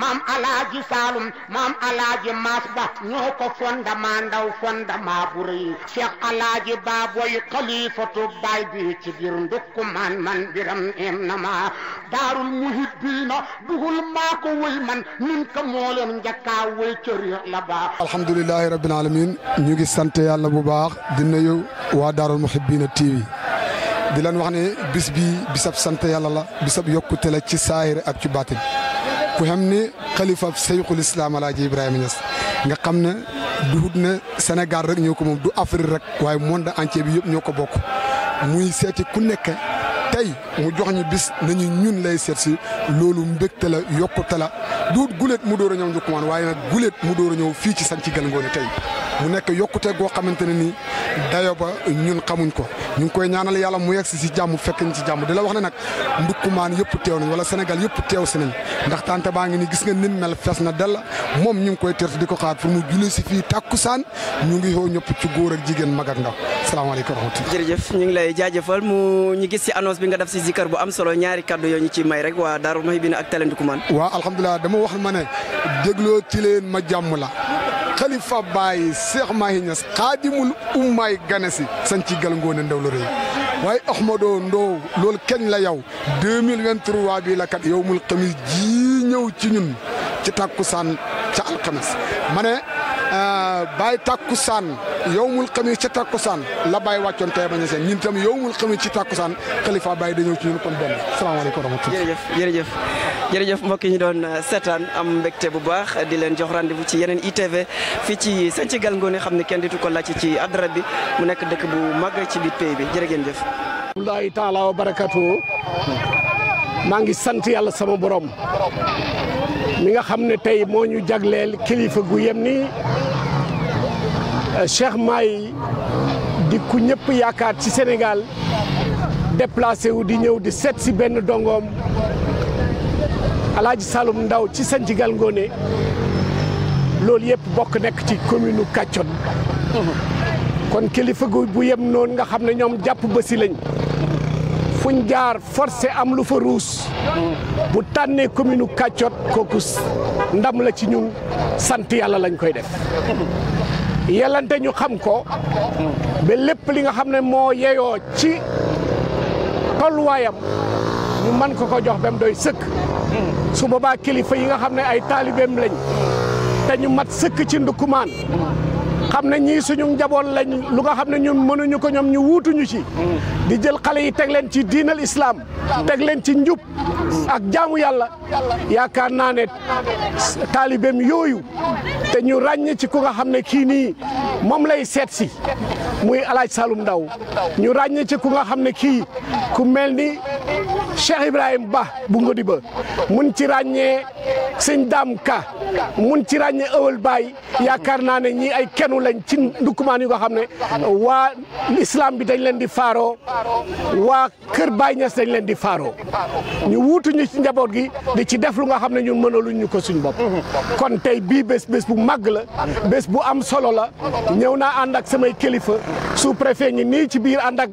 maam alaaji saalum maam alaaji maas ba ñoo fonda maa ndaw fonda maa bu rëy cheikh alaaji baaboy xalifatu baay bi ci biir ndukku maan man biram em na ma daarul muhibbiina dugul maa ko man min ka moo leen njëkkaa wëy la baa alhamdulilahi rabbil alamin ñu ngi sant yàlla bu baax di nuyu waa daarul muhibbiina TV di leen wax ni bis bi bisab sant yàlla la bisab yokkute la ci saahir ak ci baatin ku xam ne xalifa seyxul islaam alaaji Ibrahima Niass nga xam ne duhut ne Sénégal rek ñëw ko moom du Afrique rek waaye da entier bi yëpp ñoo ko bokk muy seeti ku nekk tey mu jox ñu bis nañu ñun lay seet si loolu mbégte yokku yokkute la duut guléet mu door a ñëw njukkumaan waaye nag guléet mu dóor a fii ci Santhie Gual Ngoné tey mu nekk yokkute goo xamante ne nii dayo ba ñun xamuñ ko ñu ngi koy ñaanal yàlla mu yegsi si si jàmm fekk ñu si jàmm di la wax ne nag ndukkumaan yëpp teew nañ wala Sénégal yëpp teew si nañ ndax tante baa ngi ni gis nga nin mel fees na dell moom ñu koy tertu di ko xaar pour mu julli si fii saan ñu ngi xoo ñëpp ci góor ak jigéen mag ak ndaw salaamaaleykum wa rahmatulah. jërëjëf ñu ngi lay jaajëfal mu ñu gis si annonce bi nga def si zikar bu am solo ñaari kaddu yoo ñu ciy may rek waa Daaru Muhibina ak Télé Ndoukoumane. waaw alhamdulilah dama wax ma ne dégloo ci leen ma jàmm la xalifa bàyyi Cheikh Mahi Niass xaadimul ummaay ganesi sañ ci gal ngoone ndaw lu rëy waaye Ahmado Ndo loolu kañ la yow 2023 bii la kat yow mul xamis ji ñëw ci ñun ci takku tàkkusaan ca alxames ma ne euh, bàyyi tàkkusaan yow mul xamis ca tàkkusaan la bàyyi wàccoon tey bañ a seen ñun tam yow mul xamis ci tàkkusaan baay da dañëw ci ñun kon benn salaamaaleykum wa rahmatulah jërëjëf jërëjëf jërëjëf mbokk ñi doon euh, setan am mbégte bu baax di leen jox rendez-vous ci yeneen itv fi ci sanci gal ngóone xam ne kenn ditu ko làcc ci adrat bi mu nekk dëkk bu mag ci biit pays bi jërëgeen jëf alhamdulilah taala wa barakatu maa ngi sant yàlla sama borom mi nga xam ne tey ñu jagleel kilifa gu yem ni euh, cheikh may di ku ñëpp yaakaar ci sénégal déplacé wu di ñëw di set si benn dongoom alhaji salum ndaw ci sa njigal ngone lool yépp bokk nekk ci commune kàccoon kon kilifa gu bu yem noonu nga xam ne ñoom jàpp bësi lañ fuñ jaar forcé am lu fa ruus bu tànnee commune kàccoot kooku ndam la ci ñun sant yàlla lañ koy def yelante ñu xam ko ba lépp li nga xam ne moo ci tolluwaayam ñu man ko ko jox bam doy sëkk su boobaa kilifa yi nga xam ne ay taalibeem lañ te ñu mat sëkk ci ndukkumaan xam ne ñii suñu njaboon lañ lu nga xam ne ñun mënuñu ko ñoom ñu wuutuñu ci di jël xale yi teg leen ci diinal islaam teg leen ci njub ak jaamu yàlla yaakaar naa ne taalibeem yooyu te ñu ràññ ci ku nga xam ne kii nii moom lay seet si muy alaaj Saloum Ndaw ñu ràññee ci ku nga xam ne kii ku mel ni Cheikh Ibrahima Ba bu Ngodiba mun ci ràññee sëñ Dame Ka mun ci ràññee Ewel Baye yaakaar naa ne ñii ay kennu lañ ci ndukkumaan yu nga xam ne waa islam bi dañ leen di faaroo waa Kër baay ñas dañ leen di faaroo ñu wuutuñu ci njaboot gi di ci def lu nga xam ne ñun mënaluñ ñu ko suñ bopp kon tey bii bés bés bu màgg la bés bu am solo la ñëw naa ànd ak samay kilifa sous préfet ñi nii ci biir ànd ak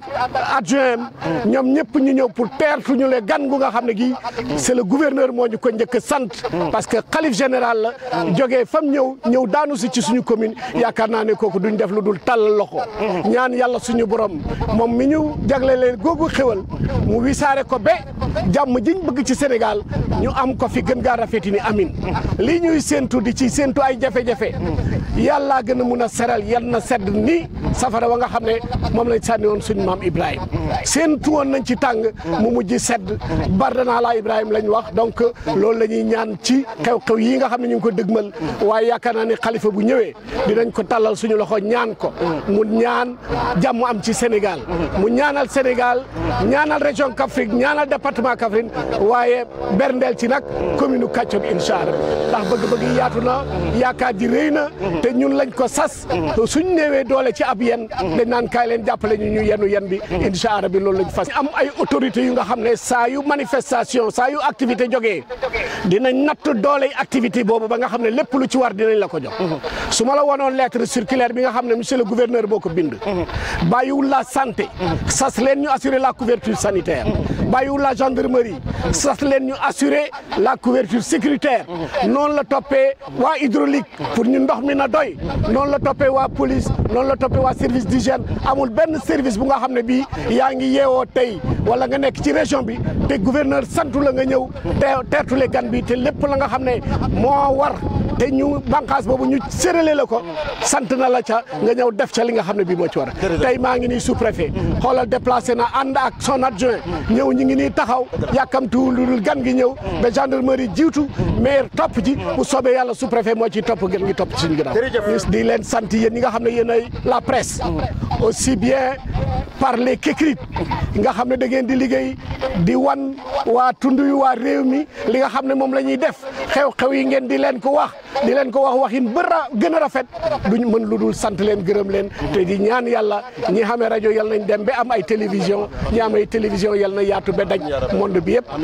adjoint ñoom ñëpp ñu ñëw pour teertu ñu le gan gu nga xam ne gii c'est le gouverneur moo ñu ko njëkk sant parce que xalif général la jógee fam ñëw ñëw daanu si ci suñu commune yaakaar naa ne kooku duñ def lu dul tàll loxo ñaan yàlla suñu borom moom mi ñu jagle leen googu xéwal mu wisaare ko be jàmm jiñ bëgg ci Sénégal ñu am ko fi gën gaa rafeti ni amin lii ñuy séentu di ci séentu ay jafe-jafe yalla gëna mëna séral yalla sédd ni safara wa nga xamné mom lay sanni won suñu mam ibrahim seen tuwon nañ ci tang mu mujj sédd bardana la ibrahim lañ wax donc loolu lañuy ñaan ci xew xew yi nga xamné ñu ko dëgmal way yakana ni khalifa bu ñëwé dinañ ko talal suñu loxo ñaan ko mu ñaan jamm am ci sénégal mu ñaanal sénégal ñaanal région kafrik ñaanal département kafrin waye berndel ci nak commune katchob inshallah ndax bëgg bëgg yaatu na yaaka di reyna te ñun lañ ko sas suñ néewee doole ci ab yen dañ naan kaay leen jàppale ñu ñu yenu yen bi incha allah bi loolu lañ fas am ay autorité yu nga xam ne saa yu manifestation activité jógee dinañ natt doole activité boobu ba nga xam ne lépp lu ci war dinañ la ko jox su ma la wonoon lettre circulaire bi nga xam ne monsieur le gouverneur boo ko bind bàyyiwul la santé sas leen ñu assurer la couverture sanitaire bàyyiwul la gendarmerie sas leen ñu assurer la couverture sécuritaire la toppee waa hydraulique pour ñu doy noonu la toppee waa police noonu la toppee waa service d'hygiène amul benn service bu nga xam ne bii yaa ngi yeewoo tey wala nga nekk ci région bi te gouverneur santu la nga ñëw te le gan bi te lépp la nga xam ne moo war té ñu bankas bobu ñu sérélé la ko sant na la ca nga ñew def ca li nga xamné bi mo ci war tay ma ngi ni sous-préfet xolal déplacer na and ak son adjoint ñew ñi ngi ni taxaw yakam tu lul gan gi ñew be gendarmerie jitu maire top ji bu sobé yalla sous-préfet mo ci top gën gi top ci ñu gëna di leen sant yeen ñi nga xamné yeen la presse aussi bien parler qu'écrit nga xam ne da ngeen di liggéey di wan waa tund wi waa réew mi li nga xam ne moom la ñuy def xew-xew yi ngeen di leen ko wax di leen ko wax waxin ba gën a rafet duñ mën lu dul sant leen gërëm leen te di ñaan yàlla ñi xamee rajo yal nañ dem ba am ay télévision ñi am ay télévision yal na yaatu ba daj monde bi yëpp